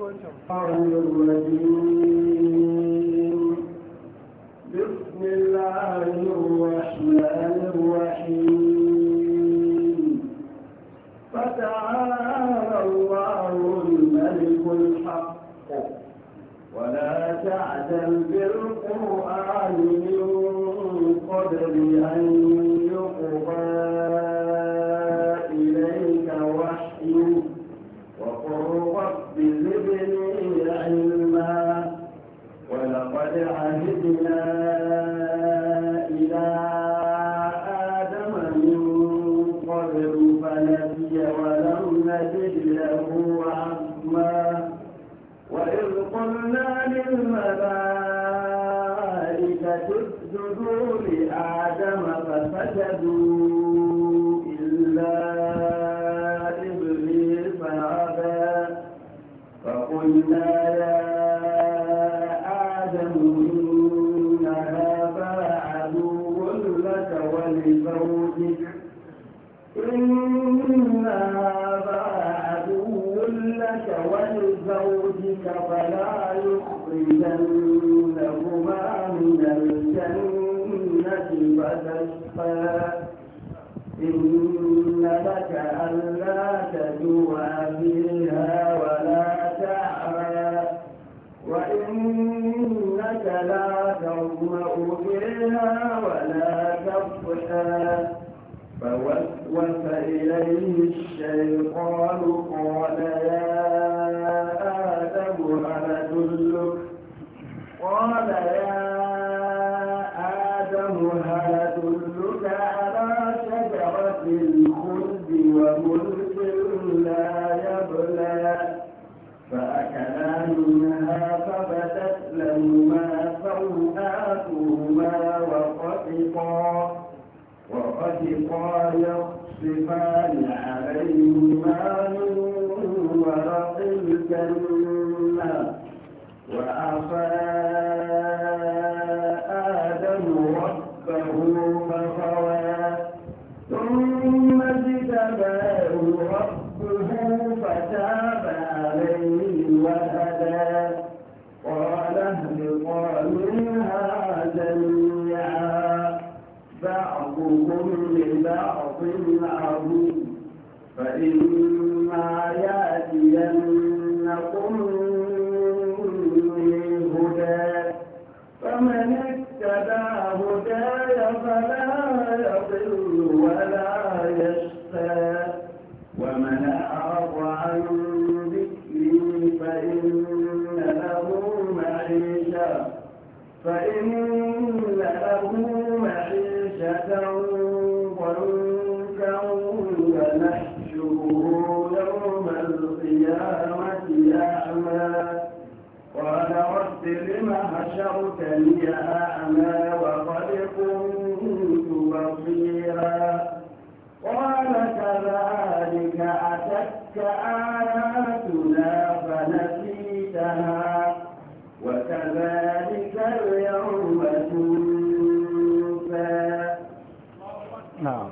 بسم الله الرحمن الرحيم فتعالى الله الملك الحق ولا تعدل بالرحمن قالوا هل أدلك على شجرة الخلد وملك لا يبلى فأكلا منها فبدت لهما سوآتهما وطفقا وطفقا يخصفان عليهما من ورق الجنة وعصى ربه فغوى ثم اجتباه ربه فتاب عليه وهدى قال اهبطا منها جميعا بعضهم لبعض عدو فإما يأتينكم من هدى فمن اتبع هداه ولا يشفى ومن أعرض عن ذكري فإن له معيشة فإن له معيشة ضنكا ونحشره يوم القيامة أعمى قال رب لم حشرتني أعمى آياتنا فنسيتها وكذلك اليوم تنسى نعم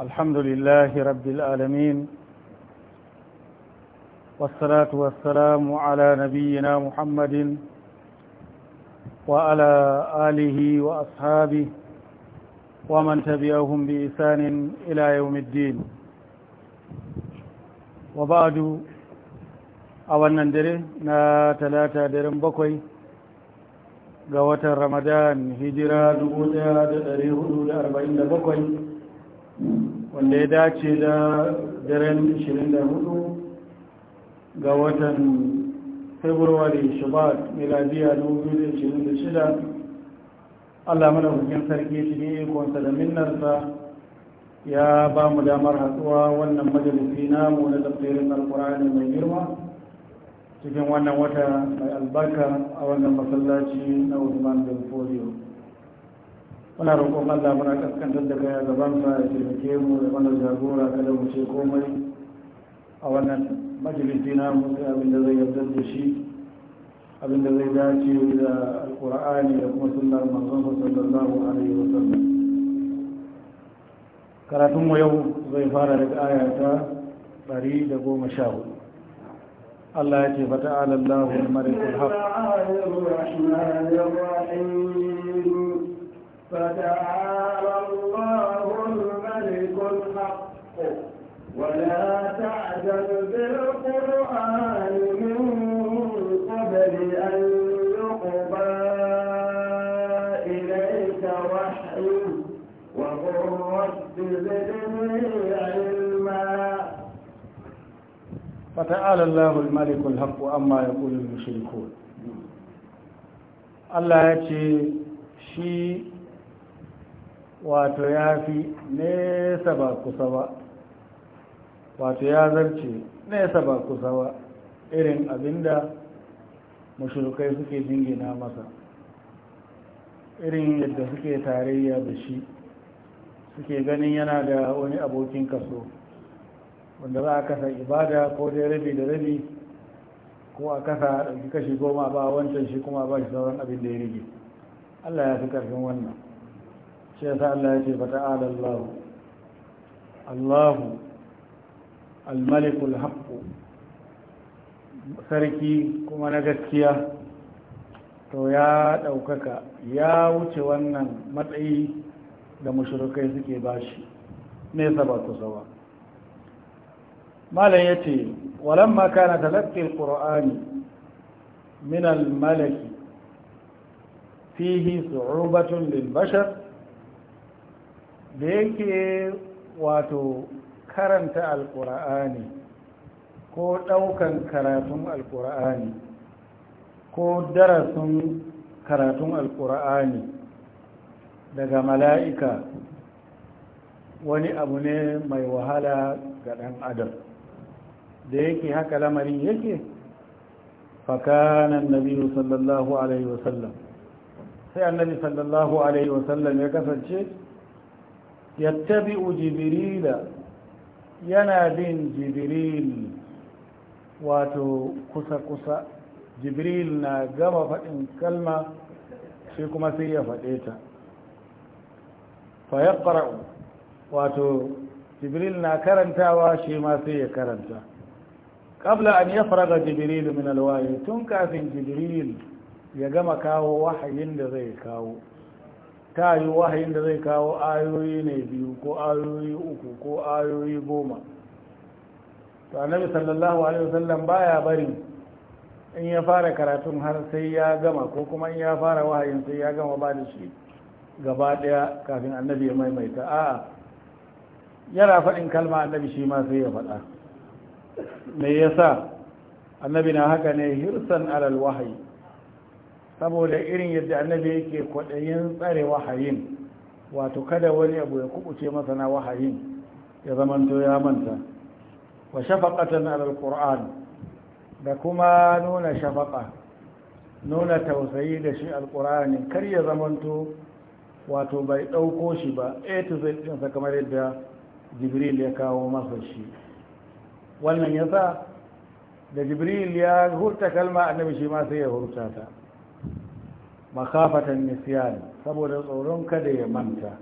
الحمد لله رب العالمين والصلاة والسلام على نبينا محمد وعلى آله وأصحابه ومن تبعهم بإسان إلى يوم الدين وبعد أولا ندري نا ثلاثة درم بكوي قوة رمضان هجرة دقودة دري دولة أربعين بكوي وانديدات شدا درم شرين هدود قوة فبرواري شباط ميلادية 2026 allah mana hukun sarki shi ne ikonsa da minnarsa ya ba mu damar hatsuwa wannan majalisi namu na tafsirin alkur'ani mai girma cikin wannan wata mai albarka a wannan masallaci na usman bin folio muna roƙon allah muna kaskantar da kaya gabansa ya taimake mu da mana jagora kada mu ce komai a wannan majalisi namu sai abin da zai yarda da shi abin da zai dace da alkur'ani da kuma sunnar manzon sallallahu alaihi wasallam karatun mu yau zai fara daga aya ta 114 Allah ya ce fa ta'ala Allahu al-malikul فتعالى الله الملك الحق ولا تعجل بالقرآن فتعالى الله الملك الحق أما يقول المشركون Allah ya ce shi wato ya fi nesa ba kusa ba wato ya zarce nesa ba kusa irin abinda mashirukai suke jingina masa irin yadda suke tarayya da shi suke ganin yana da wani abokin kaso wanda za a kasa ibada ko dai rabi da rabi ko a kasa ɗauki kashi goma ba wancan shi kuma ba shi sauran abin da ya rage allah ya fi ƙarfin wannan shi yasa allah ya ce fata alallahu allahu almalikul haqqu sarki kuma na gaskiya to ya ɗaukaka ya wuce wannan matsayi da mashirukai suke bashi nesa ba ku sauwa malam ya ce maka na talakkin ƙura'ani min al-malaki fihi su'ubatun lil da yake wato karanta alƙura'ani ko ɗaukan karatun alƙura'ani ko darasin karatun alƙura'ani daga mala'ika wani abu ne mai wahala ga ɗan adam da yake haka lamarin yake fakanan nabiyu sallallahu alaihi wasallam sai annabi sallallahu alaihi wasallam ya kasance yattabi'u jibrila yana bin jibril wato kusa-kusa jibril na gama faɗin kalma shi kuma sai ya faɗe ta fayar wato jibril na karantawa shi ma sai ya karanta qabla an yafraga jibril min alwahi tun kafin jibril ya gama kawo wahayin da zai kawo ta yi wahayin da zai kawo ayoyi ne biyu ko ayoyi uku ko ayoyi goma to annabi sallallahu alaihi wasallam baya bari in ya fara karatun har sai ya gama ko kuma in ya fara wahayin sai ya gama ba da shi gabaɗaya daya kafin annabi ya maimaita a'a yana faɗin kalma annabi shi ma sai ya faɗa me yasa annabi na haka ne hirsan alal wahayi saboda irin yadda annabi yake kwaɗayin tsare wahayin wato kada wani abu ya kubuce masa na wahayin ya zamanto ya manta wa shafaqatan alal qur'an da kuma nuna shafaqa nuna tausayi da shi alqur'ani kar ya zamanto wato bai ɗauko shi ba a to zai kamar yadda jibril ya kawo masa shi wannan ya sa da jibril ya hurta kalma annabi shi ma sai ya hurta ta makafatan nisyan saboda tsoron kada ya manta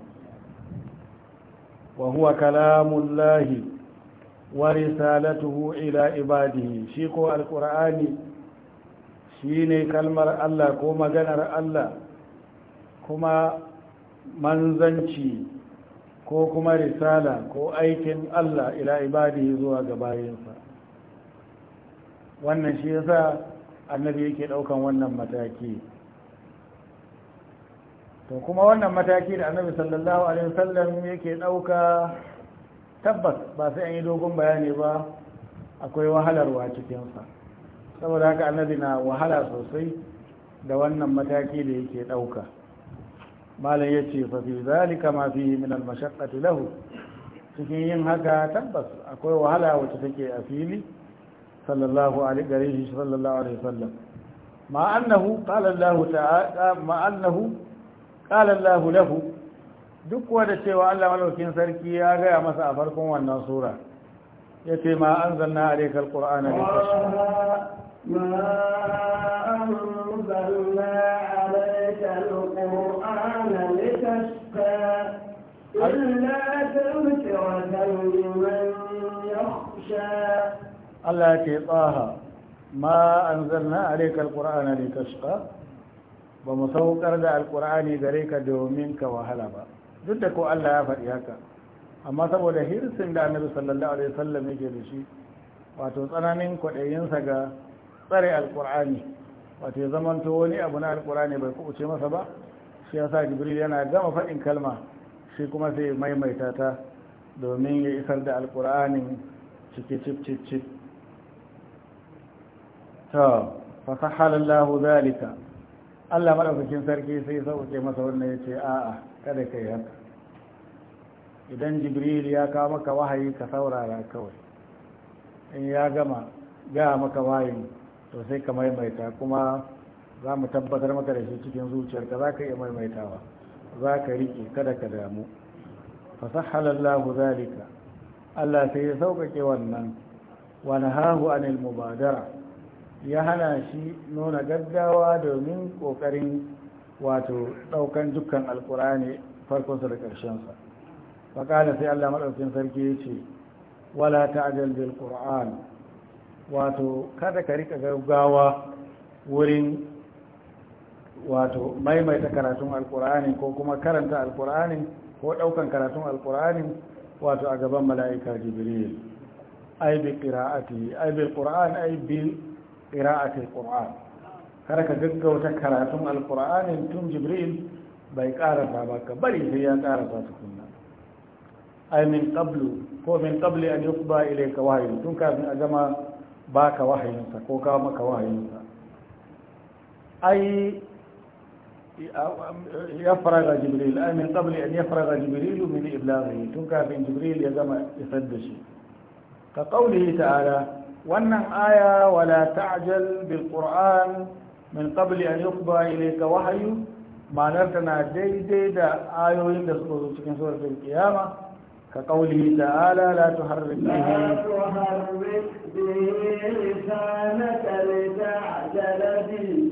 wa huwa kalamullahi wa risalatuhu ila ibadihi shi ko alqur'ani ne kalmar Allah ko maganar Allah kuma manzanci ko kuma risala ko aikin Allah ila ibadi zuwa ga bayinsa wannan shi yasa annabi yake daukan wannan mataki to kuma wannan mataki da annabi sallallahu alaihi wasallam yake dauka tabbas ba sai an yi dogon bayani ba akwai wahalarwa cikinsa saboda haka annabi na wahala sosai da wannan mataki da yake dauka malam ya ce fa fi zalika ma fi min al mashaqqati lahu cikin yin haka tabbas akwai wahala wacce take a fili sallallahu alaihi gare sallallahu alaihi wasallam ma annahu qala Allah ta'ala ma annahu qala Allah lahu duk wanda cewa Allah malaukin sarki ya gaya masa a farkon wannan sura Ya ce ma anzalna alayka alqur'ana litashqa ma anzalna alayka Allah ya ce tsaha ma an zanna a rekar ƙura'ana ne ta ba mu saukar da alƙura'ani gare ka domin ka wahala ba duk da ko Allah ya faɗi haka amma saboda hirsin da annabi sallallahu alaihi wasallam yake da shi wato tsananin kwaɗayinsa ga tsare alƙur'ani wato ya zamanto wani abu na alƙur'ani bai kuɓuce masa ba shi yasa jibril yana gama faɗin kalma shi kuma sai maimaita ta domin ya isar da alkur'anin ciki cip-cip-cip ta lahu zalika allah maɗaukakin sarki sai sauke masa wannan ya ce a'a kada ka yi haka idan jibril ya kawo maka wahayi ka saurara kawai in ya gama gaya maka wahayi to sai ka maimaita kuma za mu tabbatar maka da shi cikin zuciyarka za ka iya maimaitawa za ka riƙe kada ka damu fasahalallahu zalika Allah sai ya sauƙaƙe wannan wani hahu anil mubadara ya hana shi nuna gaggawa domin ƙoƙarin wato ɗaukan dukkan alƙur'ani farkonsa da ƙarshensa faƙala sai Allah maɗaukin sarki ya ce wala ta'jal bil Ƙur'an wato kada ka rika gaggawa wurin wato maimaita karatun alkur'ani ko kuma karanta alkur'ani ko daukan karatun alkur'ani wato a gaban mala'ika jibril ai bi qira'ati ai bil qur'an ai bi qira'ati alqur'an kar ka gaggauta karatun alkur'ani tun jibril bai karasa ba ka bari sai ya karasa tukunna ai min qablu ko min qabli an yuqba ilayka wahyu tun kafin a gama baka wahayinsa ko ka maka wahayinsa ai يفرغ جبريل أي من قبل أن يفرغ جبريل من إبلاغه تنكى من جبريل يزم يفدش كقوله تعالى وأن آية ولا تعجل بالقرآن من قبل أن يقضى إليك وحيه ما نرتنا دي دي دا آيوين دسكوزو تكن سورة القيامة كقوله تعالى لا تحرك لا تحرك به لسانك لتعجل به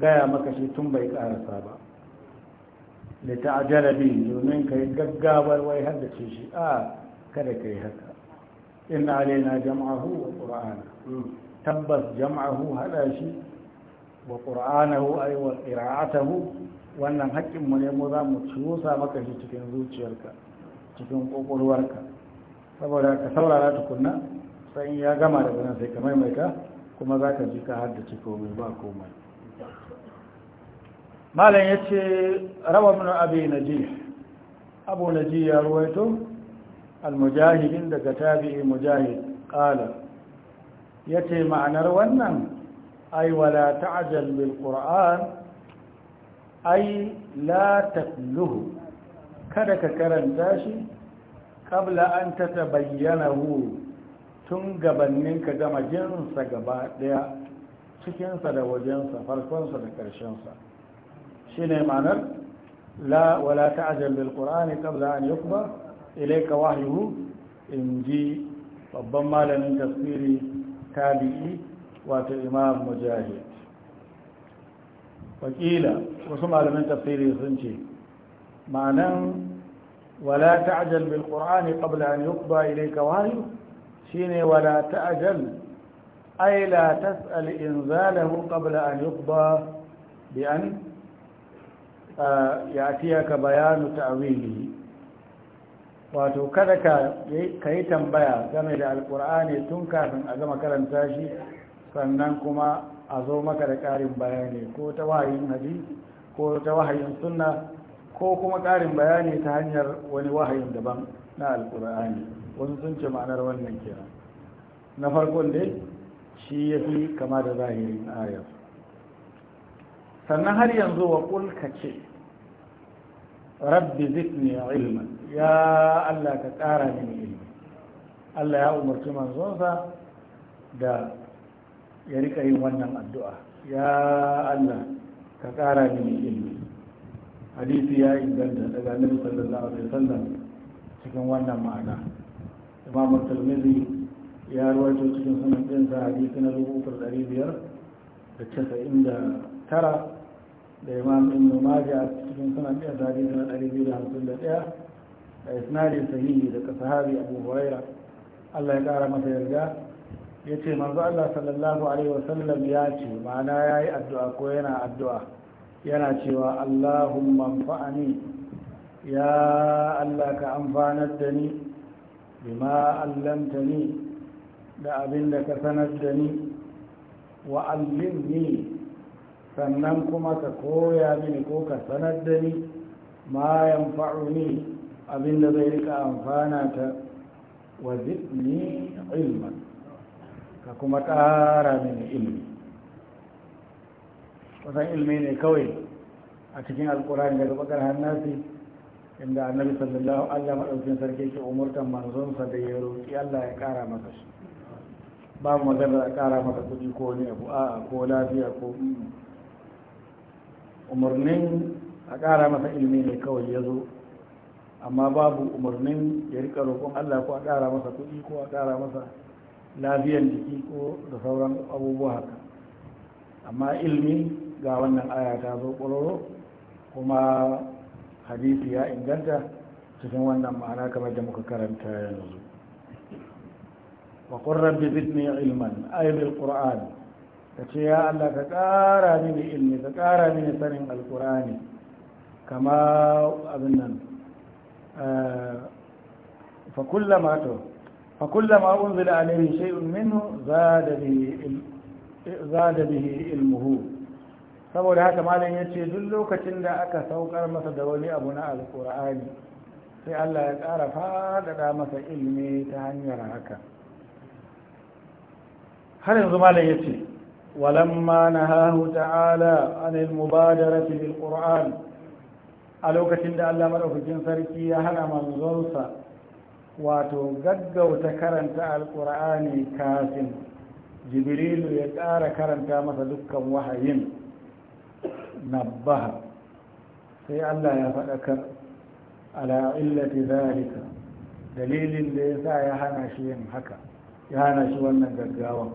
gaya maka shi tun bai karasa ba da ta'ajala bi domin ka yi gaggawar wai haddace shi a kada ka yi haka ina alina jam'ahu wa ƙura'ana tabbas jam'ahu hada shi wa qur'anahu ay wa hu. wannan haƙƙinmu ne mu za mu cusa maka shi cikin zuciyarka cikin kokolwarka saboda ka saurara tukunna sai ya gama da ganin sai ka maimaita kuma za ka ji ka haddace komai ba komai malam ya ce rawa abu na ji abu ji ya ruwaito almujahidin daga tabi'i mujahid Ya ce ma'anar wannan Ai wala ta'ajal bil qur'an ai la tatluhu kada ka karanta shi Kabla an bayyana hu, tun gabannin ka gama jinsa gaba daya cikinsa da wajensa farkonsa da ƙarshensa Shi ne ma'anar la wala ta'jal bil qur'ani qabla an yuqba ilayka wahyuhu ji babban malamin tafsiri tabi'i wato imam mujahid wakila wasu malamin tafsiri sun ce ma'anan wala ta'jal bil qur'ani qabla an yuqba ilayka wahyu shine wala ta'jal ay la tas'al inzalahu qabla an yuqba bi an ka bayanu ta'wili wato kada ka yi tambaya game da alkur'ani tun kafin a gama karanta shi sannan kuma a zo maka da ƙarin bayani ko ta wahayin hadisi ko ta wahayin sunna ko kuma ƙarin bayani ta hanyar wani wahayin daban na alkur'ani Wani sun ce ma'anar wannan kira na farkon dai shi ya fi kama da zahirin ayar sannan har yanzu wa kulka ce rabbi zidni ilma ya Allah ka ƙara mini ilmi Allah ya umarci manzonsa da ya rika yin wannan addu'a ya Allah ka ƙara mini ilmi hadisi ya inganta daga annabi sallallahu alaihi wasallam cikin wannan ma'ana imam tirmidhi ya rawaito cikin sunan ɗinsa hadisi na 3599 da imam ibn majah a cikin sunan da hadisi na biyu da isnadi sahihi daga sahabi abu huraira Allah ya kara masa yarda ce, manzo Allah sallallahu alaihi wasallam ya ce ma'ana yayi addu'a ko yana addu'a yana cewa Allahumma anfa'ani ya Allah ka amfanar da ni bima ni? da abin da ka sanar da ni wa ni? sannan kuma ka koya mini ko ka sanar da ni ma abin abinda zai rika amfana ta wa zidni ilman ka kuma ƙara mini ilmi Wasan ilmi ne kawai a cikin alkurani daga bakar hannasi inda annabi sallallahu allah maɗaukin sarki ke umurtan manzonsa da ya roƙi allah ya ƙara masa shi ba mu maganar a ƙara masa kuɗi ko ne abu a ko lafiya ko umarnin a ƙara masa ilimi ne kawai ya zo amma babu umarnin ya rika roƙon allah ko a ƙara masa kuɗi ko a ƙara masa lafiyan jiki ko da sauran abubuwa haka amma ilimi ga wannan aya ta zo ƙwararro kuma hadisi ya inganta cikin wannan ma'ana kamar da muka karanta yanzu wa qur rabbi ilman ay bil ka ce ya Allah ka ƙara mini ilmi ka ƙara mini sanin alkurani kama abin nan eh, fa kullama to fa kullama unzila alayhi shay'un minhu zada bihi ilmuhu saboda haka malam ya ce duk lokacin da aka saukar masa da wani abu na alkur'ani sai allah ya ƙara faɗaɗa masa ilmi ta hanyar haka har yanzu malam ya ce ولما نهاه تعالى عن المبادرة بالقرآن ألوكة أن الله مرأة في سركي هنا من زنسى وتقدوا تكرنت القرآن كاسم جبريل يتآر كرنت مثلك وحي نبه في الله يفكر على علة ذلك دليل ليس يهنا شيء حكا يهنا شيء ونقدقاوه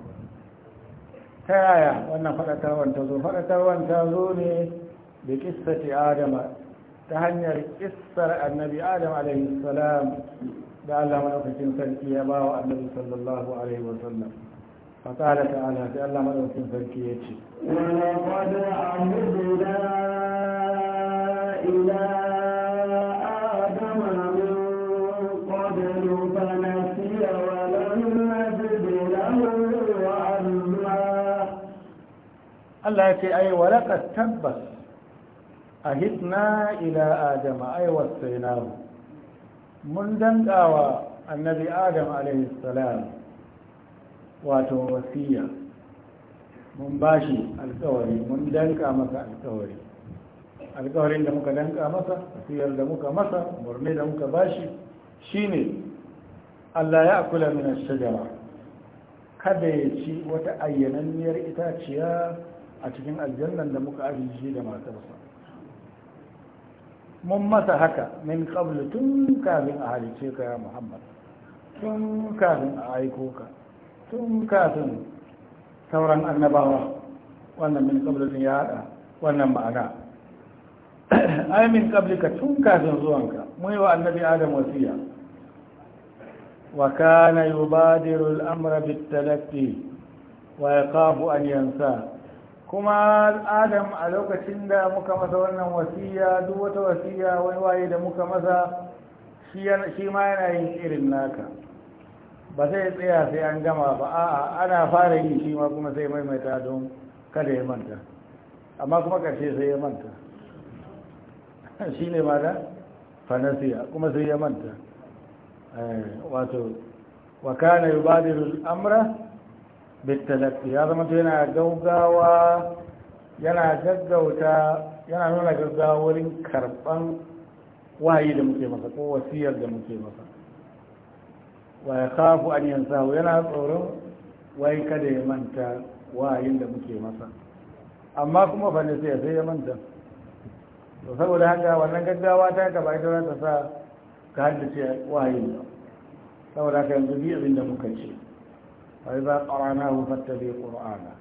ta yaya wannan faɗatarwar ta zo faɗatarwar ta zo ne da kissati adama ta hanyar kissar annabi adam alaihi salam da Allah madaukakin sarki ya ba wa annabi sallallahu alaihi wa sallam fatala ta'ala sai Allah madaukakin sarki ya ce laqad Allah ya ce ai walaqad tabbas a ila adama ai wasainahu mun dankawa annabi adam alaihi salam wato wasiya mun bashi alƙawari mun danka masa alƙawari alƙawarin da muka danka masa wasiyar da muka masa murni da muka bashi shine Allah ya akula min ash-shajara kada ya ci wata ayyananniyar itaciya a cikin aljannan da muka ajiye da matarsa mun masa haka min qablu tun kafin a halice ka ya muhammad tun kafin a aiko ka tun kafin sauran annabawa wannan min qablu ya hada wannan ma'ana ai min ka tun kafin zuwanka mun yi wa annabi adam wasiya وكان يبادر الأمر بالتلقي ويخاف أن ينساه kuma adam a lokacin da muka masa wannan wasiya duk wata wasiya wani waye da muka masa shi ma yana yin irin naka ba sai tsaya sai an gama ba a'a ana fara yi shi ma kuma sai maimaita don kada ya manta amma kuma karshe sai ya manta shi ne ma da fanasiya kuma sai ya manta eh, wato wa kana yubadiru amra bitalaki ya zama to yana gaugawa yana gaggauta yana nuna gaggawa wurin karban wayi da muke masa ko wasiyar da muke masa wa ya kafu an yansahu yana tsoron wai kada ya manta wayin da muke masa amma kuma fa ne sai sai ya manta to saboda haka wannan gaggawa ta ka ba ita ta sa ka haddace wayin saboda haka yanzu bi abin da muka ce فإذا قرأناه فاتبع قرآنا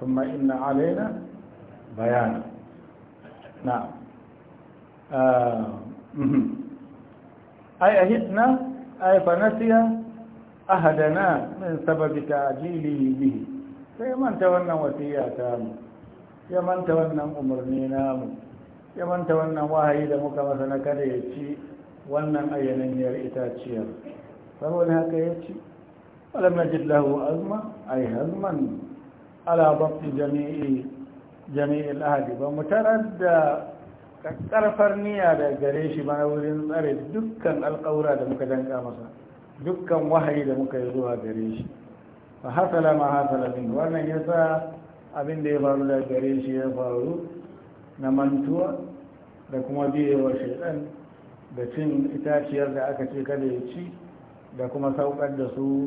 ثم إن علينا بيانا نعم أي أهدنا أي فنسي أهدنا من سبب تعجيله به يا من تولنا وسيئتام يمن تولنا أمرنينام يمن يا من دمك مثلا كده يتشي wannan ayyanan yar itaciyar saboda haka ya ci ولم نجد له أزمة أي هزما على ضبط جميع جميع الأهل ومتردى karfar niyya da gare shi ba wurin tsare dukkan alƙawura da muka danka masa dukkan wahayi da muka yi zuwa gare shi fa hasala ma hasala min wannan yasa abin da ya faru da gare shi ya faru na mantuwa da kuma biyewa shaidan da cin itaciyar da aka ce kada ya ci da kuma sauƙar da su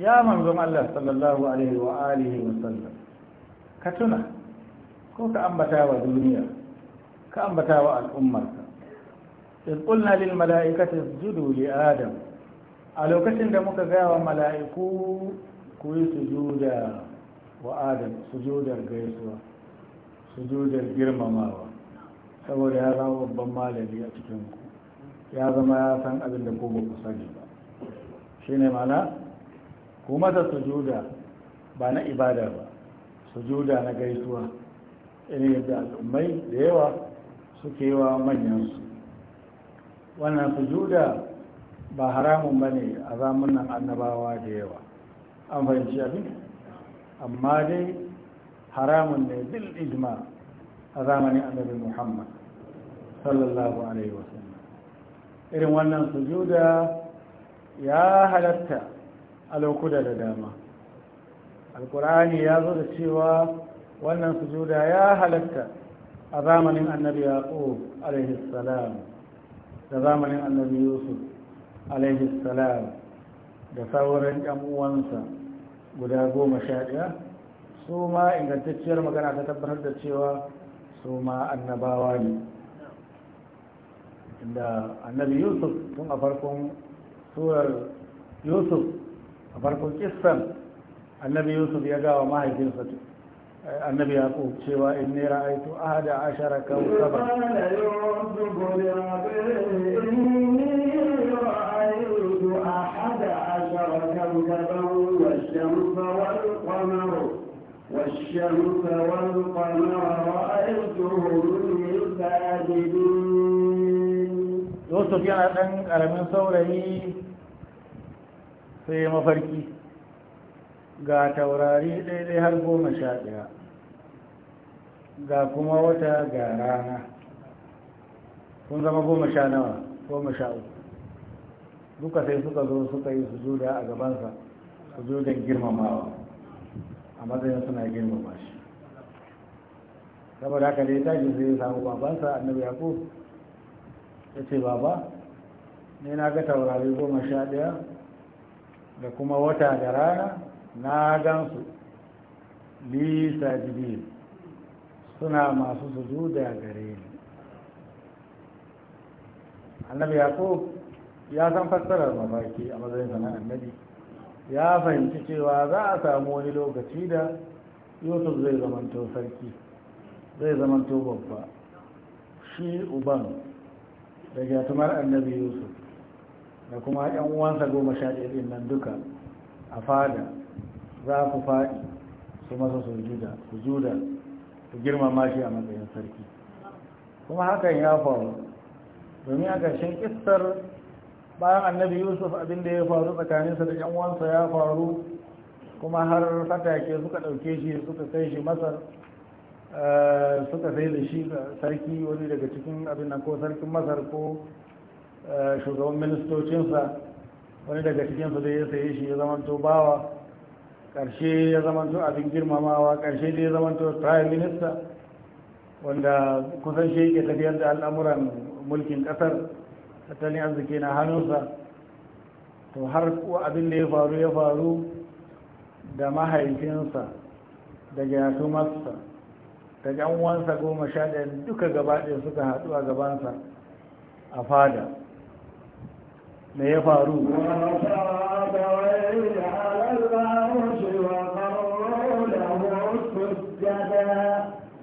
ya manzon Allah sallallahu alaihi wa alihi wa sallam ka tuna ko ka ambata wa duniya ka ambata wa al'ummarka iz qulna lil mala'ikati isjudu li adam a lokacin da muka gaya wa mala'iku ku yi sujuda wa adam sujudar gaisuwa sujudar girmamawa saboda ya zama babban malami a cikin ku ya zama ya san abin da ku ba ku sani ba shine ma'ana kuma da sujuda ba na ibada ba sujuda na gaisuwa irin yadda al'ummai da yawa suke wa manyansu wannan sujuda ba haramun ba ne a zamunan annabawa da yawa an fahimci abin amma dai haramun ne bil ijma a zamanin annabi muhammad sallallahu alaihi wasallam irin wannan sujuda ya halatta alaukuda da dama Alƙur'ani ya zo da cewa wannan sujuda ya halatta a zamanin annabi yaqub alaihi salam da zamanin annabi yusuf alaihi salam da sauran yan uwansa guda goma sha ɗaya su ma ingantacciyar magana ta tabbatar da cewa su ma annabawa ne inda annabi yusuf tun a farkon surar yusuf a farkon kissan annabi yusuf ya gawa mahaifinsa annabi ya ko cewa in ne ra'aitu ahada ashara kawsaba والشمس والقمر رأيتهم يساجدون يوسف يا أن ألم سوري sai mafarki ga taurari daidai har goma sha ɗaya ga kuma wata ga rana kun zama goma sha nawa goma sha uku duka sai suka zo suka yi sujuda a gabansa sujudan girmamawa a matsayin suna girmama shi saboda haka dai tashi sai ya samu babansa annabi yakub ya ce baba ne na ga taurari goma sha ɗaya da kuma wata da rana na gansu Lisa sajidin suna masu da gare ni annabi yaqub ya san fassarar mafarki a matsayin sana annabi ya fahimci cewa za a samu wani lokaci da yusuf zai zamanto sarki zai zamanto babba shi uban da jatumar annabi yusuf da kuma yan uwansa goma sha ɗaya ɗin nan duka a fada za ku faɗi su masa su juda ku girmama shi a matsayin sarki kuma hakan ya faru domin a ƙarshen ƙistar bayan annabi yusuf abin da ya faru tsakaninsa da yan uwansa ya faru kuma har fatake suka ɗauke shi suka kai shi masar eh, suka sai da shi sarki wani daga cikin abin nan ko sarkin masar ko Eh, shugaban ministocinsa wani daga cikinsu da ya saye shi ya zamanto bawa ƙarshe ya zamanto abin girmamawa ƙarshe da ya zamanto prime minister wanda kusan shi ke tafiyar da al'amuran mulkin ƙasar tattalin arziki na hannunsa to har abin da ya faru ya faru da mahaifinsa da yatumarsa da yan uwansa goma sha ɗaya duka gabaɗaya suka haɗu a gabansa a fada me ya faru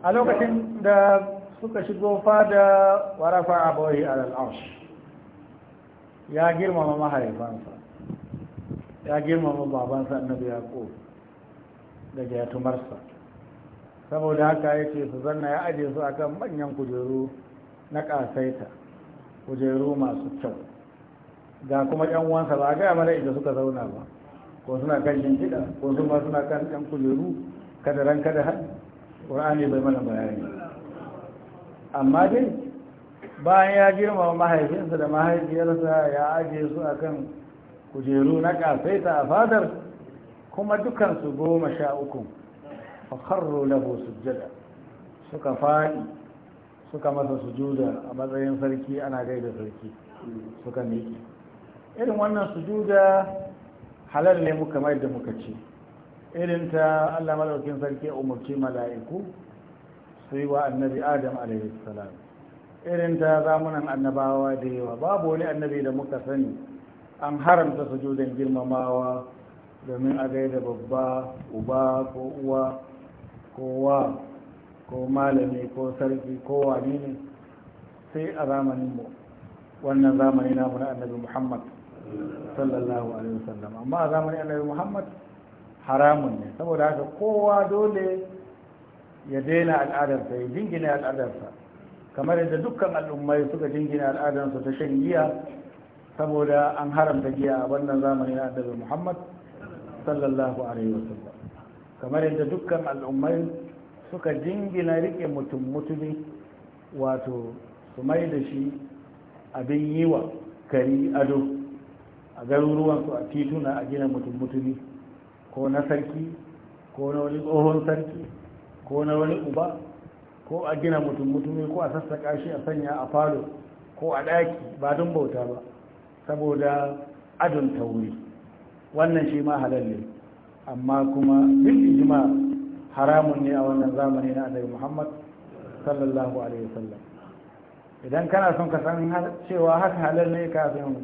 a lokacin da suka shigo fada warafa a al'arsh ya girmama mahaifansa ya girmama babansa annabi ko da tumarsa saboda haka ya ce su zanna ya aje su akan manyan kujeru na ƙasaita kujeru masu kyau Da kuma yan uwansa ba a gaya mana inda suka zauna ba ko suna kan shimfiɗa ko su suna kan ɗan kujeru kada ran kada har ƙur'ani bai mana bayani amma dai bayan ya girma mahaifinsa da mahaifiyarsa ya ajiye su a kan kujeru na ƙasaita a fadar kuma dukansu goma sha uku fakarro lahu sujjada suka faɗi suka masa sujuda a matsayin sarki ana gaida sarki suka miƙe irin wannan sujuda halal ne muka mai da muka ce irin ta Allah malaukin sarki umarci mala'iku su yi wa annabi adam alaihi salam irin ta zamunan annabawa da yawa babu wani annabi da muka sani an haramta sujudan girmamawa domin a da babba uba ko uwa kowa ko malami ko sarki ko wani ne sai a zamaninmu. wannan zamani namu na annabi muhammad sallallahu alaihi wasallam amma a zamanin annabi muhammad haramun ne saboda haka kowa dole ya daina al'adarsa ya jingina al'adarsa kamar yadda dukkan al'ummai suka jingina al'adarsa ta shan giya saboda an haramta giya a wannan zamani na annabi muhammad sallallahu alaihi wasallam kamar yadda dukkan al'ummai suka jingina rike mutum mutumi wato su mai da shi abin yiwa wa kari ado a garuruwansu a tituna a gina mutum mutumi ko na sarki ko na wani tsohon sarki ko na wani uba ko a gina mutum mutumi ko a sassaƙa shi a sanya a falo ko a ɗaki ba don bauta ba saboda adon tauri wannan shi ma halal ne amma kuma duk ijma haramun ne a wannan zamani na annabi Muhammad sallallahu alaihi wasallam idan kana son ka san cewa haka halal ne kafin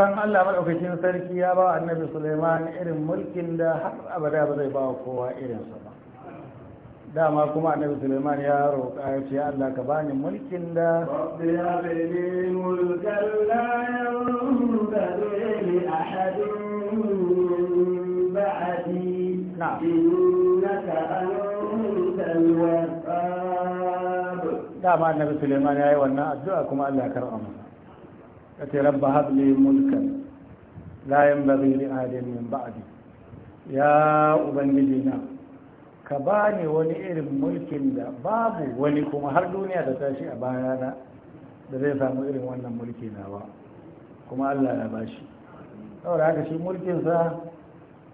san Allah maɗaukacin sarki ya ba annabi Suleiman irin mulkin da har abada ba zai ba kowa irinsa ba dama kuma annabi Suleiman ya roƙa ya ce Allah ka bani mulkin da dama annabi Suleiman ya yi wannan addu'a kuma Allah ya karɓa masa kace rabba hab li mulkan la yanbaghi li ahadin min ba'di ya ubangiji na ka bani wani irin mulkin da babu wani kuma har duniya da tashi a bayana da zai samu irin wannan mulki nawa kuma Allah ya bashi saboda haka shi mulkin sa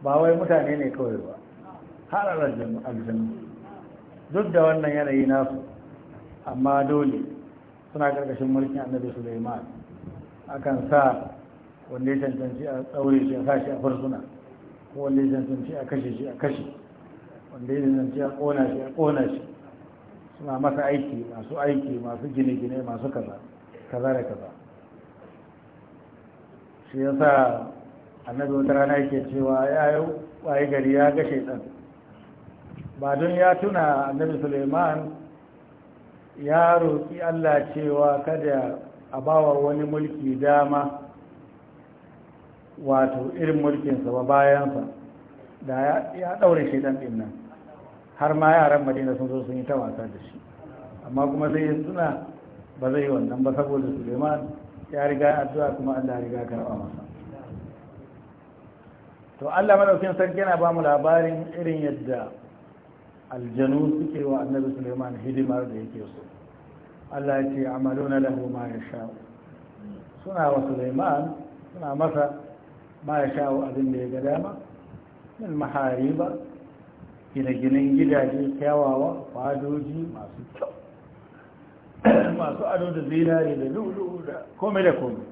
ba wai mutane ne kawai ba har aljanu duk da wannan yanayi nasu amma dole suna karkashin mulkin annabi Sulaiman akan sa wanda ya cancanci a tsaure shi a sashi a farsuna ko wanda ya cancanci a kashe shi a kashe wanda ya cancanci a kona shi a kona shi suna masa aiki masu aiki masu gine-gine masu kaza kaza da kaza shi ya sa annabi wata rana yake cewa ya yi waye gari ya ga shaidan ba don ya tuna annabi suleiman ya roƙi allah cewa kada a bawa wani mulki dama wato irin mulkinsa ba bayansa da ya daure shi dan ɗin nan har ma yaran madina sun zo sun yi ta wasa da shi amma kuma sai suna ba zai wannan ba saboda suleiman ya riga addu'a kuma allah riga karba masa to allah madaukin sarki yana ba mu labarin irin yadda aljanu suke wa annabi suleiman hidimar da yake so Allah ya ce amaluna lahu ma yasha suna wa Sulaiman suna masa ma yasha abin da ya ga dama min mahariba gine-ginen gidaje kyawawa fadoji masu kyau masu ado da zinari da lulu da komai da komai,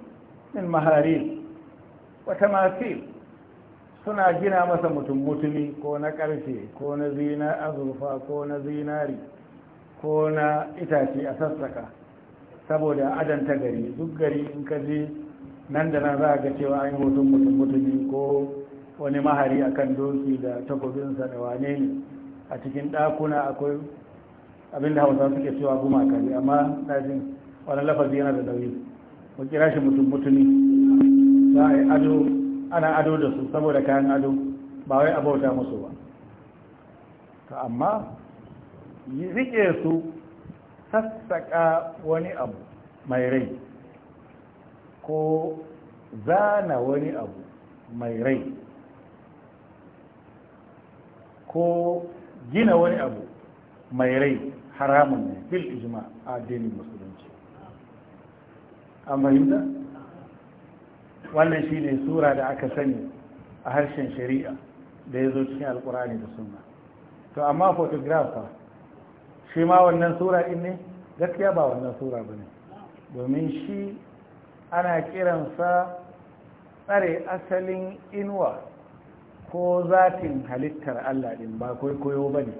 min mahari wata masu suna gina masa mutum mutumi ko na ƙarfe ko na zina azurfa ko na zinari ko na itace a sassaka saboda adanta gari duk gari in ka je nan da nan za a ga cewa an yi hoton mutum mutumi ko wani mahari a kan doki da takobinsa da wane ne a cikin ɗakuna akwai abinda hausa suke cewa gumaka ne amma ɗajin wani lafazi yana da nauyi mu kira shi mutum mutumi za a yi ado ana ado da su saboda kayan ado ba wai bauta musu ba to amma rike su sassaƙa wani abu mai rai ko zana wani abu mai rai ko gina wani abu mai rai haramun ne fil ijma a addinin musulunci A fahimta wannan shi ne sura da aka sani a harshen shari'a da ya zo cikin alkurani da sunna to amma photographer shi ma wannan sura in ne gaskiya ba wannan sura ba ne domin shi ana kiransa tsare asalin inuwa ko zatin halittar Allah din ba kwaikwayo ba ne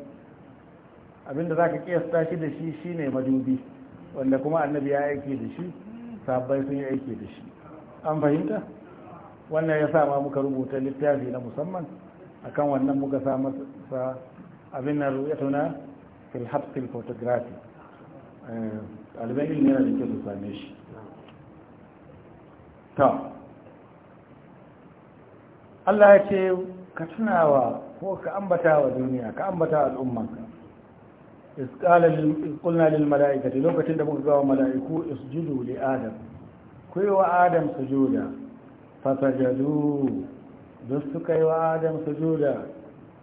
abinda za ka kiyasta shi da shi shi ne madubi wanda kuma annabi ya aiki da shi sabbai sun yi aiki da shi an fahimta wannan ya sama muka rubuta littafi na musamman akan wannan muka sa abin na ru'yatuna fil hapsil photography ɗaliban ilimi yana da kyau su same shi ta Allah ya ce ka tunawa ko ka ambata wa duniya ka ambata al'ummanka isƙala lil mala'ikati lokacin da muka gawa mala'iku isjudu li adam ku adam sujuda fasajadu duk suka yi wa adam sujuda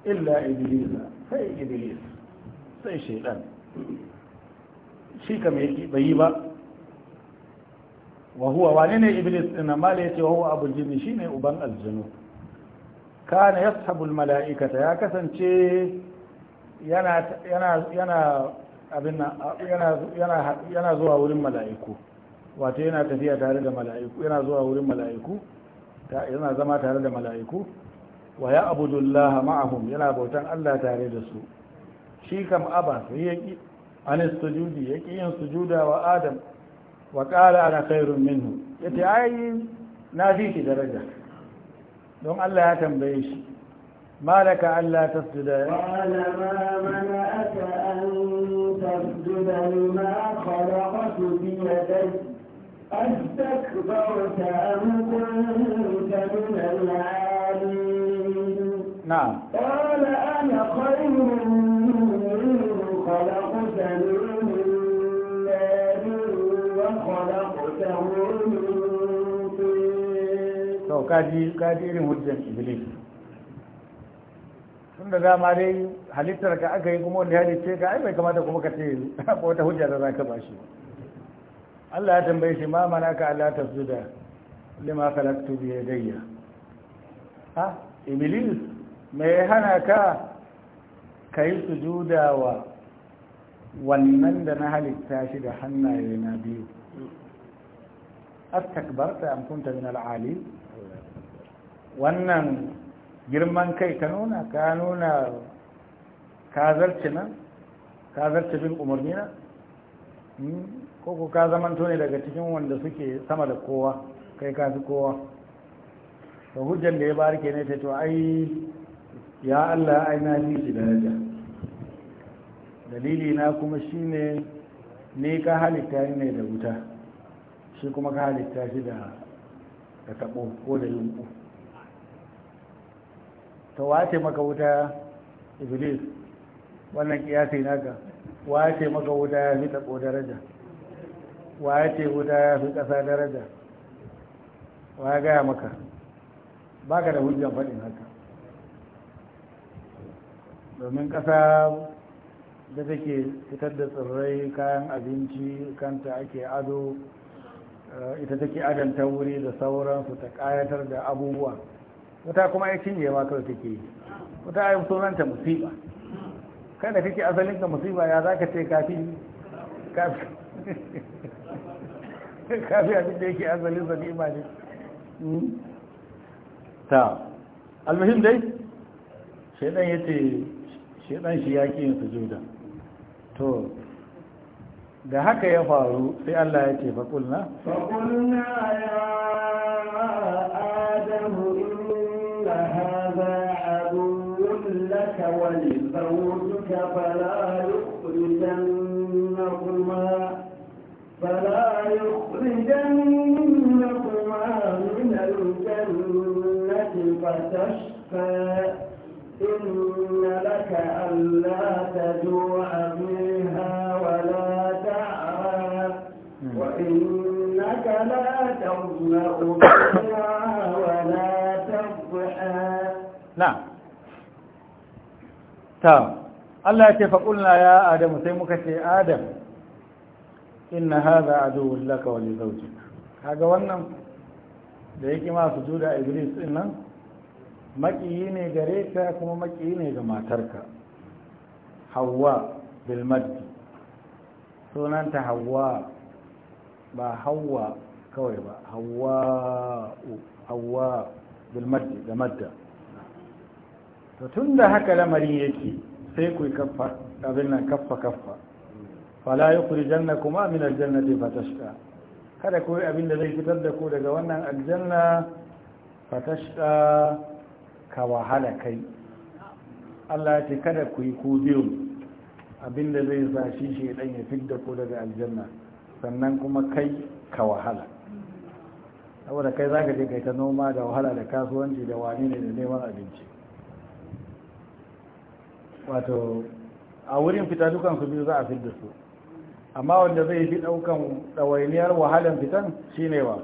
illa iblisa sai iblisa Sai shaidan shi kam bai yi ba wa huwa wane ne iblis din nan mala yace wa huwa abul jinni shine uban aljinu kana yashabu al malaikata ya kasance yana yana yana abin nan yana yana yana zuwa wurin mala'iku wato yana tafiya tare da mala'iku yana zuwa wurin mala'iku yana zama tare da mala'iku wa ya abudullaha ma'ahum yana bautan Allah tare da su shi kam aba sai ya ki an sujudi ya ki yin sujuda wa adam wa qala ana khairun minhu yace ai na fi shi daraja don Allah ya tambaye shi malaka Allah tasjuda qala ma mana'aka an tasjuda lima khalaqtu bi yadayya أستكبرت أم كنت من العالين نعم قال أنا خير خلقته من نار وخلقته من to kaji kaji irin hujjar iblis tun da dama dai halittar ka aka yi kuma wanda ya halitta ka ai bai kamata kuma ka ce ko wata hujja da ka ba shi Allah ya tambaye shi ma mana ka Allah tasjuda lima khalaqtu bi yadayya ha iblis Mai hana ka ka yi su wa wannan da na halitta shi da hannaye na biyu astakbarta am kunta min al'ali wannan girman kai ka nuna ka nuna ka zarce nan ka zarce bin umarni na hmm, ko ku ka zamanto ne daga cikin wanda suke sama da kowa kai ka fi kowa ta hujjan da ya bari ke ne ta to ai ya Allah ai na ji shi daraja dalili na kuma shi ne ka halitta ne da wuta shi kuma ka halitta shi da da tabo ko da yunku ta wace maka wuta iblis wannan kiyasi naka wace maka wuta ya fi tabo daraja wace wuta ya fi ƙasa daraja wa ya gaya maka ba ka da hujjan faɗin haka domin ƙasa da take fitar da tsirrai kayan abinci kanta ake ado eh, ita take adanta wuri da sauransu ta kayatar da abubuwa wata kuma ya cinye ma kawai take yi wata ayi sunanta musiba kai da kake asalin ka musiba ya za ka ce kafi kafi abin da yake asalin sa ni'ima ne hmm? ta almuhim dai shaidan yace shedan shi yake yin sujuda to da haka ya faru sai Allah ya ce faƙulna faƙulna ya adamu inna haza aduwwun laka wa li zawjika fala yukhrijannakuma fala kuma min al-jannati inna إن لك ألا تجوع na'am ta Allah ya ce faƙulna ya Adamu sai muka ce Adam inna a aduwwun laka wani li Haga kaga wannan da yake ma da Iblis ɗin nan maƙiyi ne gare ka kuma maƙiyi ne ga matarka Hawwa bil sunanta Hawwa ba Hauwa. kawai ba hawa bilmaddi da madda to tun da haka lamari yake sai ku kaffa abin nan kaffa kaffa fala janna, kuma min aljannati fatashqa kada ku yi abin da zai fitar da ku daga wannan aljanna fatashqa ka wahala kai Allah ya ce kada ku yi ku biyo abin da zai sa shi shi ya fidda ku daga aljanna sannan kuma kai ka wahala saboda kai za je kai ta noma da wahala da kasuwanci da wani ne da neman abinci wato a wurin fita dukan su biyu za a fidda su amma wanda zai fi daukan ɗawainiyar wahalan fitan shine wa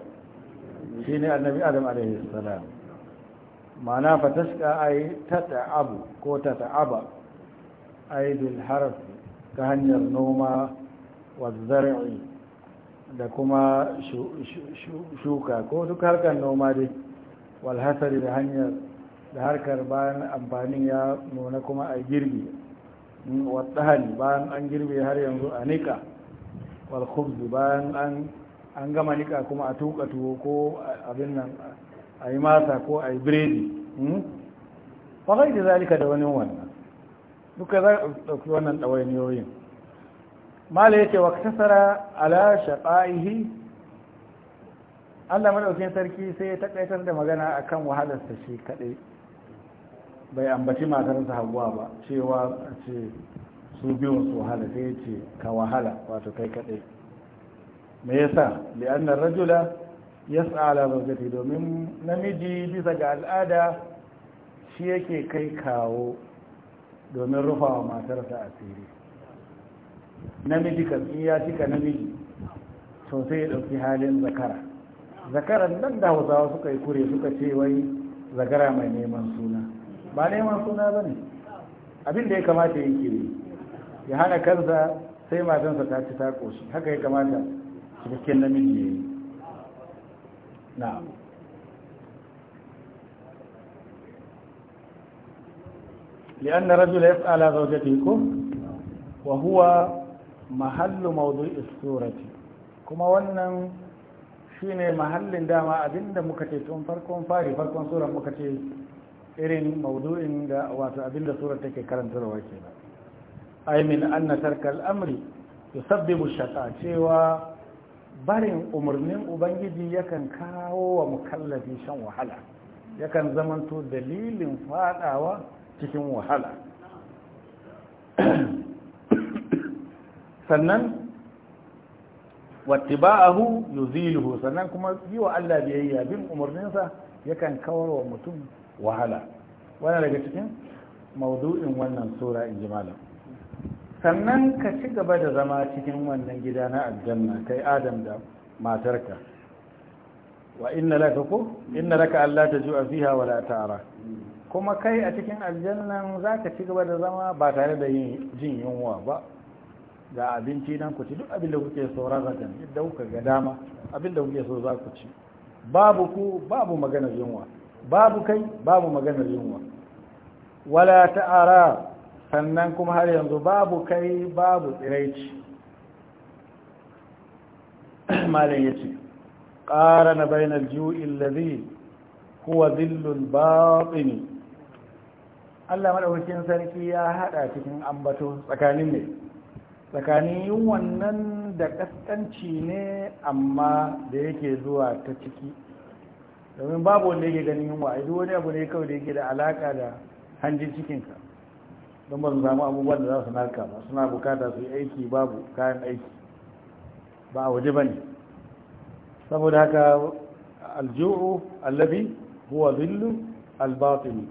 shine annabi adam alaihi salam ma'ana tashka ai tata'abu ko tata'aba ai bil harf ka hanyar noma wa zar'i da kuma shuka ko duk harkar noma dai walhasari da hanyar da harkar bayan amfanin ya nuna kuma a girbi mm, waddahani bayan an girbe har yanzu a nika walhubzi bayan an gama nika kuma a tuka tuwo ko abin nan a yi masa ko a yi biredi ba mm? kai da zalika da wani wannan duka za a ɗauki wannan ɗawainiyoyin mala yake wa kasara ala shaqaihi Allah maɗaukin sarki sai ya takaitar da magana akan ta shi kadai bai ambaci matarsa Hawwa ba cewa ce su biyu su wahala sai ce ka wahala wato kai kadai me yasa li'anna rajula yas'a ala zawjati domin namiji bisa ga al'ada shi yake kai kawo domin rufawa matarsa asiri namiji kan in ya cika namiji to sai ya ɗauki halin zakara zakaran nan da hausawa suka yi kure suka ce wai zakara mai neman suna ba neman suna ba ne abin ya kamata yake yi ya hana kansa sai matansa ta ci ta ƙoshi haka ya kamata cikakken namiji ya yi na'am لأن الرجل يسأل زوجته وهو mahallu mawdu'i surati kuma wannan shine mahallin dama abinda muka ce tun farkon fari farkon sura muka ce irin mawdu'in da wato abinda surar take karantarwa ba. Ai min anna tarkal amri yusabbibu shaqa cewa barin umarnin ubangiji yakan kawo wa mukallafi shan wahala yakan zamanto dalilin fadawa cikin wahala sannan wattiba'ahu yuziluhu sannan kuma yi wa Allah biyayya bin umarninsa yakan kawar wa mutum wahala Wani daga cikin mawudu'in wannan sura in ji malam sannan ka ci gaba da zama cikin wannan gida na aljanna kai adam da matarka wa inna laka ko inna laka ta tajua fiha wala ta'ra kuma kai a cikin aljannan zaka ci gaba da zama ba tare da jin yunwa ba Da abinci nan ku ci duk abin da kuke so ragatan yadda kuka ga dama abin da kuke so za ku ci babu ku babu maganar yunwa babu kai babu maganar yunwa wala ta'ara sannan kuma har yanzu babu kai babu tsiraici malam yace qarana bainal ju'i alladhi huwa dhillul batin Allah madaukakin sarki ya haɗa cikin ambato tsakanin ne tsakanin yin wannan da ƙasƙanci ne amma da yake zuwa ta ciki domin babu wanda yake ganin yunwa a wani abu ne kawai da yake da alaƙa da hanjin cikinka don ba su samu abubuwan da za su narka ba suna bukata su yi aiki babu kayan aiki ba a waje ba ne saboda haka aljuhu allabi huwa zillu albatini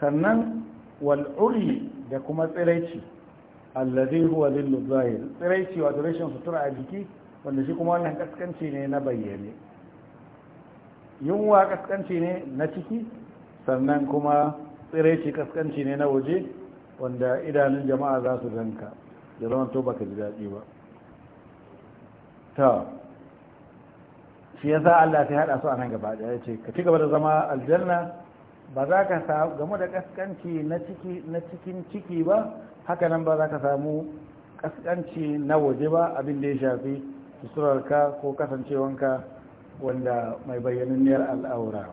sannan wal'uri da kuma tsiraici allazi huwa lil zahir tsiraici wato rashin sutura a jiki wanda shi kuma wannan kaskanci ne na bayyane yunwa kaskanci ne na ciki sannan kuma tsiraici kaskanci ne na waje wanda idanun jama'a za su ranka da zaman to baka ji daɗi ba ta shi ya yasa Allah ta haɗa su a nan gaba ɗaya ce ka ci gaba da zama aljanna ba za ka samu game da kaskanci na cikin ciki ba nan ba za ka samu kaskanci na waje ba abin da ya shafi surarka ko kasancewanka wanda mai bayyananniyar al'aura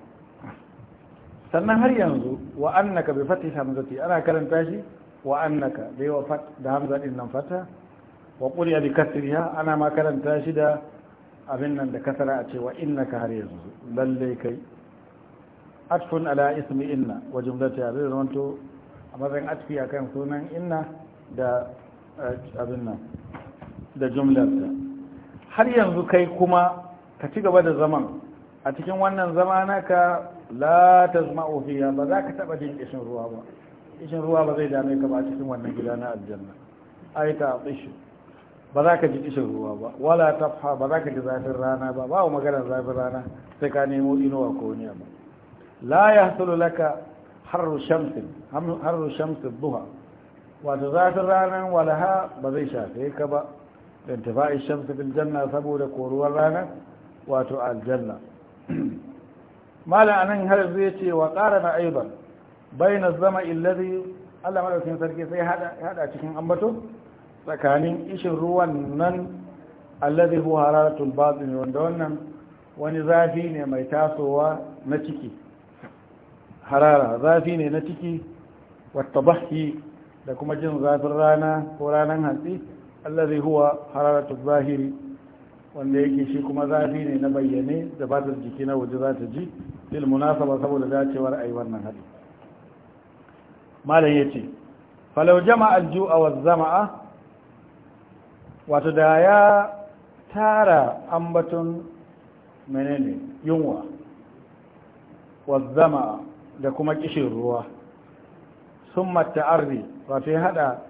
sannan har yanzu wa annaka bi fatih hamzati ana karanta shi wa annaka da yawa da hamza din nan fata wa quriya bi kasriha ana ma karanta shi da abin nan da kasara a ce wa innaka har yanzu lallai kai atfun ala ismi inna wa jumlata zai zamanto a matsayin atfi akan sunan inna da eh, abin nan da jumlarta har yanzu kai kuma ka ci gaba da zaman a cikin wannan zamana ka la tazma'u fiya ba za ka taba jin ishin ruwa ba ishin ruwa ba zai dame ka ba a cikin wannan gida na aljanna ai ta tsishi ba za ka ji ishin ruwa ba wala tafha ba za ka ji zafin rana ba ba magana zafin rana sai ka nemo inuwa ko wani ba. la ya laka harru shamsin duha wato zafin ranar walaha ba zai shafe ka ba intifa'i shamsu bin janna saboda koruwar ranar wato aljanna malam anan har zai ce wa ƙara na bai na zama illazi allah madaukin sarki sai haɗa cikin ambato tsakanin ishin ruwan nan allazi hu hararatul batin wanda wannan wani zafi ne mai tasowa na ciki harara zafi ne na ciki wata bahi da kuma jin zafin rana ko ranar hantsi allazi huwa hararatu zahiri wanda yake shi kuma zafi ne na bayyane da ta jiki na waje za ta ji lil munasaba saboda dacewar ai wannan hali malam yace falau jama'a al-ju'a waz-zama'a wato da ya tara ambaton menene yunwa waz-zama'a da kuma kishin ruwa sun mata'arri wato ya hada